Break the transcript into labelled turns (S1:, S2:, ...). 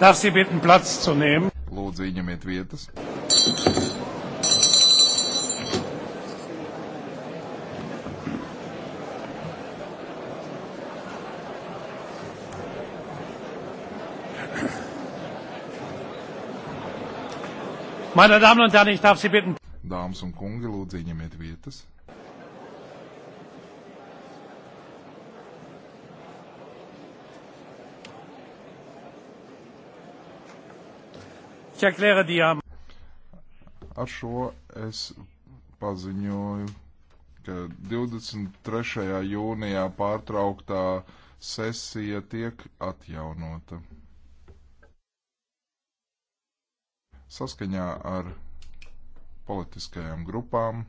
S1: Darf Sie bitten, Platz zu nehmen? Lūdzu,
S2: ieņemiet vietas.
S3: Meine Damen und Herren, ich darf Sie bitten. Dāmas un kungi, lūdzu, ieņemiet vietas.
S4: Ar
S5: šo es paziņoju, ka 23. jūnijā pārtrauktā sesija tiek atjaunota. Saskaņā ar politiskajām grupām.